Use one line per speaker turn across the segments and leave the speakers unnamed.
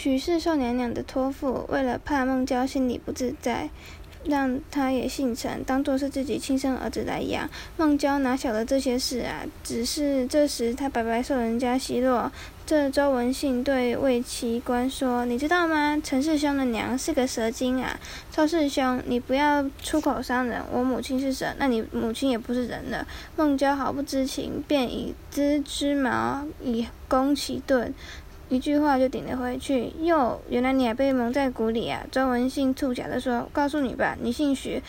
許氏受娘娘的托付，為了怕夢蛟心裡不自在，讓他也姓陳，當做是自己親生兒子來養。夢蛟哪曉得這些事啊？只是這時他白白受人家奚落。這周文信對魏奇官說：“你知道嗎？陳世兄的娘是個蛇精啊！趙世兄，你不要出口傷人。我母親是蛇，那你母親也不是人了。”夢蛟毫不知情，便以子之矛以攻其盾。一句話就頂了回去。喲，原來你還被蒙在鼓裡啊！周文興促狹的說：“告訴你吧，你姓許，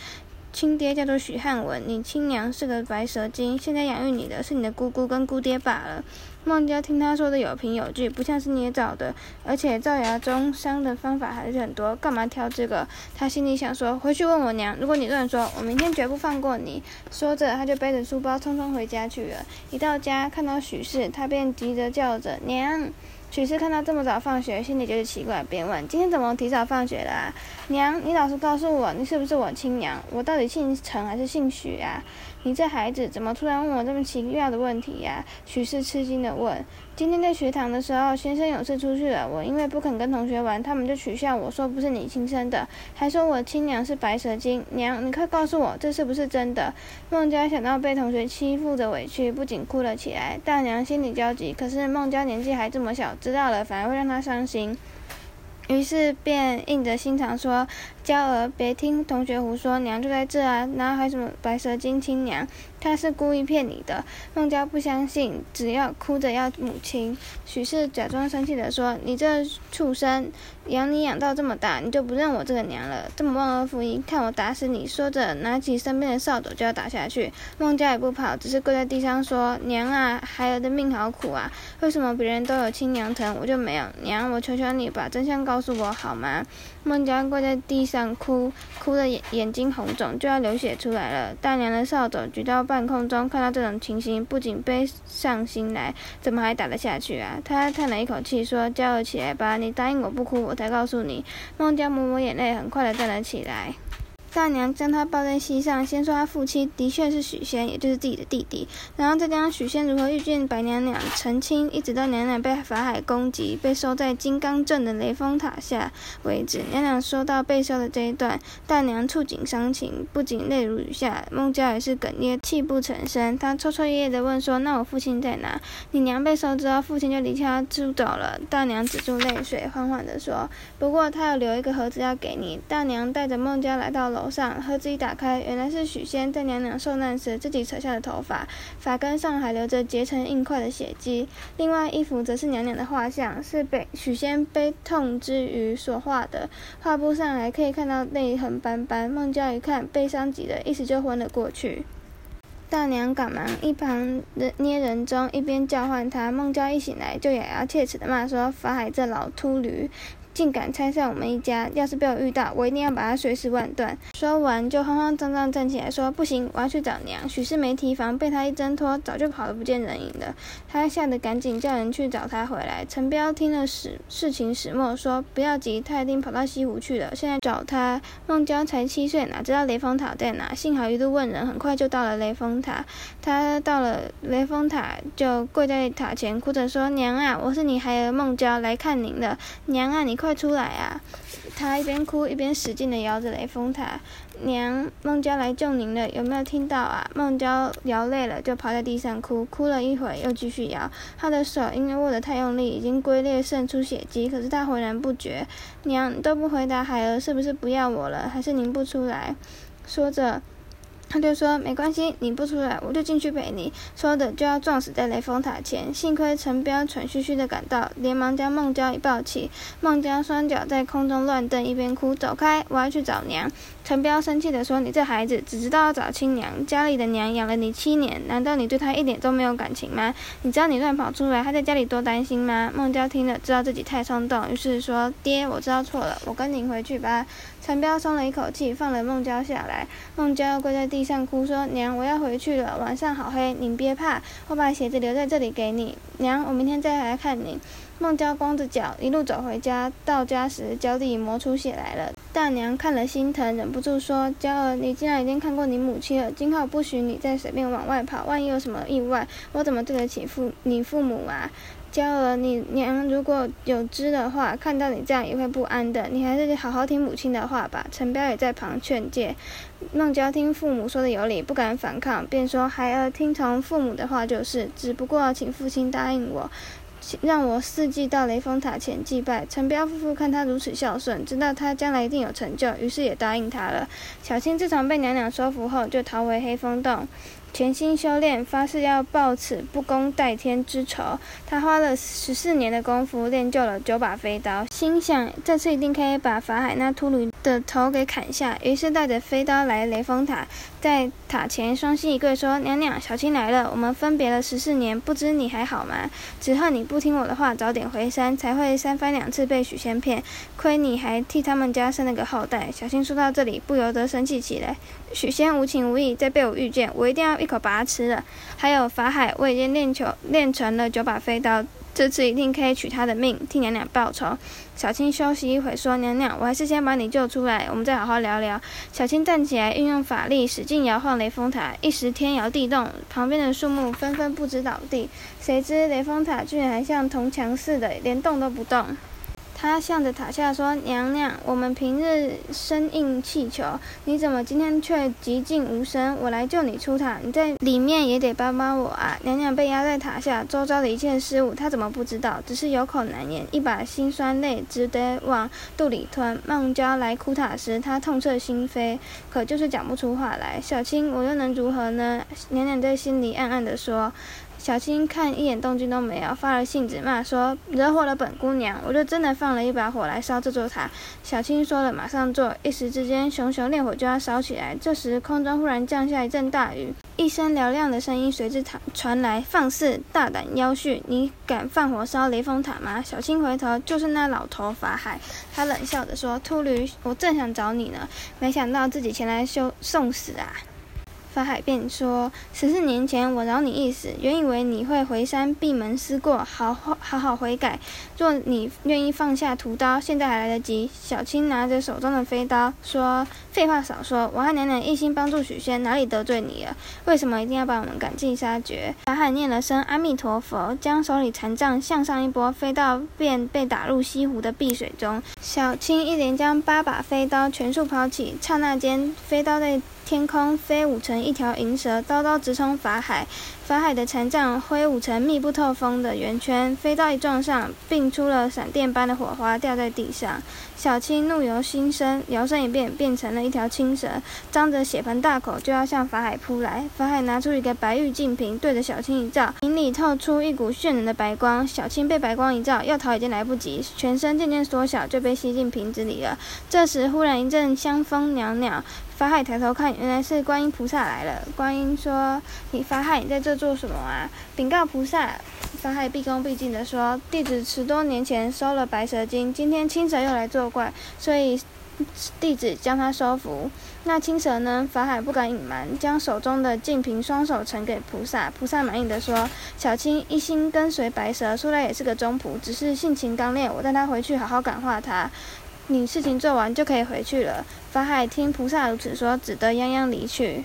親爹叫做許漢文，你親娘是個白蛇精，現在養育你的是你的姑姑跟姑爹罷了。”夢蛟聽他說的有憑有據，不像是捏造的，而且造謠中傷的方法還是很多，幹嘛挑這個？他心裡想說：“回去問我娘，如果你亂說，我明天絕不放過你。”說着，他就背着書包匆匆回家去了。一到家，看到許氏，他便急着叫着：“娘！”許氏看到這麼早放學，心裡覺得奇怪，便問：“今天怎麼提早放學了啊？娘，你老實告訴我，你是不是我親娘？我到底姓陳還是姓許啊？你這孩子怎麼突然問我這麼奇妙的問題呀？”許氏吃驚地問。今天在學堂的時候，先生有事出去了。我因為不肯跟同學玩，他們就取笑我說不是你親生的，還說我親娘是白蛇精。娘，你快告訴我，這是不是真的？夢蛟想到被同學欺負的委屈，不禁哭了起來。大娘心裡焦急，可是夢蛟年紀還這麼小，知道了反而會讓他傷心，於是便硬着心腸說。嬌兒，別聽同學胡說，娘就在這啊！哪還有什麼白蛇精親娘？她是故意騙你的。夢蛟不相信，只要哭着要母親。許氏假裝生氣地說：“你這畜生，養你養到這麼大，你就不認我這個娘了？這麼忘恩負義，看我打死你！”說着，拿起身邊的掃帚就要打下去。夢蛟也不跑，只是跪在地上說：“娘啊，孩兒的命好苦啊！為什麼別人都有親娘疼，我就沒有？娘，我求求你把真相告訴我好嗎？”夢蛟跪在地。想哭，哭的眼眼睛紅腫，就要流血出來了。大娘的掃帚舉到半空中，看到這種情形，不僅悲上心來，怎麼還打得下去啊？她嘆了一口氣，說：“叫起來吧，你答應我不哭，我才告訴你。”夢蛟抹抹眼淚，很快的站了起來。大娘將她抱在膝上，先說她父親的確是許仙，也就是自己的弟弟，然後再將許仙如何遇見白娘娘、成親，一直到娘娘被法海攻擊、被收在金剛陣的雷峰塔下為止。娘娘說到被收的這一段，大娘觸景傷情，不僅淚如雨下，夢蛟也是哽咽、泣不成聲。她抽抽噎噎地問說：“那我父親在哪？你娘被收之後，父親就離家出走了。”大娘止住淚水，緩緩地說：“不過她有留一個盒子要給你。”大娘帶着夢蛟來到樓。頭上盒子一打開，原來是許仙在娘娘受難時自己扯下的頭髮，髮根上還留着結成硬塊的血跡。另外一幅則是娘娘的畫像，是被許仙悲痛之餘所畫的，畫布上還可以看到淚痕斑斑。夢蛟一看悲傷極了，一時就昏了過去。大娘趕忙一旁人捏人中，一邊叫喚他。夢蛟一醒來就咬牙切齒的罵說：“法海這老禿驢！”竟敢拆散我們一家！要是被我遇到，我一定要把他碎屍萬段！說完，就慌慌張張站起來說：“不行，我要去找娘。”許氏沒提防，被他一掙脫，早就跑得不見人影了。他嚇得趕緊叫人去找他回來。陳彪聽了事事情始末，說：“不要急，他一定跑到西湖去了。現在找他。”夢蛟才七歲，哪知道雷峰塔在哪？幸好一路問人，很快就到了雷峰塔。他到了雷峰塔，就跪在塔前，哭着說：“娘啊，我是你孩兒夢蛟，來看您了。娘啊，你……”快出來啊！他一邊哭一邊使勁的搖着雷峰塔。娘，夢蛟來救您了，有沒有聽到啊？夢蛟搖累了，就趴在地上哭，哭了一會兒又繼續搖。他的手因為握得太用力，已經龜裂滲出血跡，可是他渾然不覺。娘都不回答孩兒，是不是不要我了？還是您不出來？說着。他就說：“沒關係，你不出來，我就進去陪你。”說着就要撞死在雷峰塔前，幸虧陳彪喘吁吁的趕到，連忙將夢蛟一抱起。夢蛟雙腳在空中亂蹬，一邊哭：“走開，我要去找娘。”陳彪生氣的說：“你這孩子只知道要找親娘，家裡的娘養了你七年，難道你對她一點都沒有感情嗎？你知道你亂跑出來，她在家裡多擔心嗎？”夢蛟聽了，知道自己太衝動，於是說：“爹，我知道錯了，我跟您回去吧。”陳彪鬆了一口氣，放了夢蛟下來。夢蛟跪在地地上哭說：“娘，我要回去了，晚上好黑，您別怕，我把鞋子留在這裡給你。娘，我明天再來看您。夢蛟光着腳一路走回家，到家時腳底磨出血來了。大娘看了心疼，忍不住說：“蛟兒，你既然已經看過你母親了，今後不許你再隨便往外跑，萬一有什麼意外，我怎麼對得起父你父母啊？”嬌兒，你娘如果有知的話，看到你這樣也會不安的。你還是好好聽母親的話吧。陳彪也在旁勸誡，夢蛟聽父母說的有理，不敢反抗，便說：“孩兒聽從父母的話就是，只不過請父親答應我，請讓我四季到雷峰塔前祭拜。”陳彪夫婦看他如此孝順，知道他將來一定有成就，於是也答應他了。小青自從被娘娘說服後，就逃回黑風洞，潛心修煉，發誓要報此不共戴天之仇。他花了十四年的功夫，練就了九把飛刀，心想這次一定可以把法海那禿驢的頭給砍下。於是帶着飛刀來雷峰塔，在塔前雙膝一跪，說：“娘娘，小青來了。我們分別了十四年，不知你還好嗎？只恨你不聽我的話，早點回山，才會三番兩次被許仙騙。虧你還替他們家生了個後代。”小青說到這裡，不由得生氣起來：“許仙無情無義，再被我遇見，我一定要一口把他吃了。還有法海，我已經練就練成了九把飛刀。”這次一定可以取他的命，替娘娘報仇。小青休息一會，說：“娘娘，我還是先把你救出來，我們再好好聊聊。”小青站起來，運用法力，使勁搖晃雷峰塔，一時天搖地動，旁邊的樹木紛紛不知倒地。誰知雷峰塔居然還像銅牆似的，連動都不動。他向着塔下說：“娘娘，我們平日聲應氣求，你怎麼今天卻寂靜無聲？我來救你出塔，你在裡面也得幫幫我啊！”娘娘被壓在塔下，周遭的一切事物她怎麼不知道？只是有口難言，一把辛酸淚只得往肚裡吞。夢蛟來哭塔時，她痛徹心扉，可就是講不出話來。小青，我又能如何呢？娘娘在心裡暗暗地說。小青看一眼動靜都沒有，發了性子罵說：“惹火了本姑娘，我就真的放了一把火來燒這座塔。”小青說了馬上做，一時之間熊熊烈火就要燒起來。這時空中忽然降下一陣大雨，一聲嘹亮的聲音隨之傳來：“放肆大膽妖畜，你敢放火燒雷峰塔嗎？”小青回頭就是那老頭法海，他冷笑着說：“禿驢，我正想找你呢，沒想到自己前來修送死啊。”法海便說：“十四年前我饒你一死，原以為你會回山閉門思過，好好好好悔改。若你願意放下屠刀，現在還來得及。”小青拿着手中的飛刀說：“廢話少說，我和娘娘一心幫助許仙，哪裡得罪你了？為什麼一定要把我們趕盡殺絕？”法海念了聲阿彌陀佛，將手裡禪杖向上一撥，飛刀便被打入西湖的碧水中。小青一連將八把飛刀全數拋棄，剎那間飛刀在。天空飛舞成一條銀蛇，刀刀直衝法海。法海的禪杖揮舞成密不透風的圓圈，飛刀一撞上，迸出了閃電般的火花，掉在地上。小青怒由心生，搖身一變，變成了一條青蛇，張着血盆大口，就要向法海撲來。法海拿出一個白玉淨瓶，對着小青一照，瓶裡透出一股炫人的白光。小青被白光一照，要逃已經來不及，全身漸漸縮小，就被吸進瓶子裡了。這時忽然一陣香風裊裊。法海抬頭看，原來是觀音菩薩來了。觀音說：“你法海，你在這做什麼啊？”禀告菩薩。法海畢恭畢敬地說：“弟子十多年前收了白蛇精，今天青蛇又來作怪，所以弟子將它收服。那青蛇呢？”法海不敢隱瞞，將手中的淨瓶雙手呈給菩薩。菩薩滿意地說：“小青一心跟隨白蛇，出來也是個忠僕，只是性情剛烈，我帶他回去好好感化他。”你事情做完，就可以回去了。法海聽菩薩如此說，只得怏怏離去。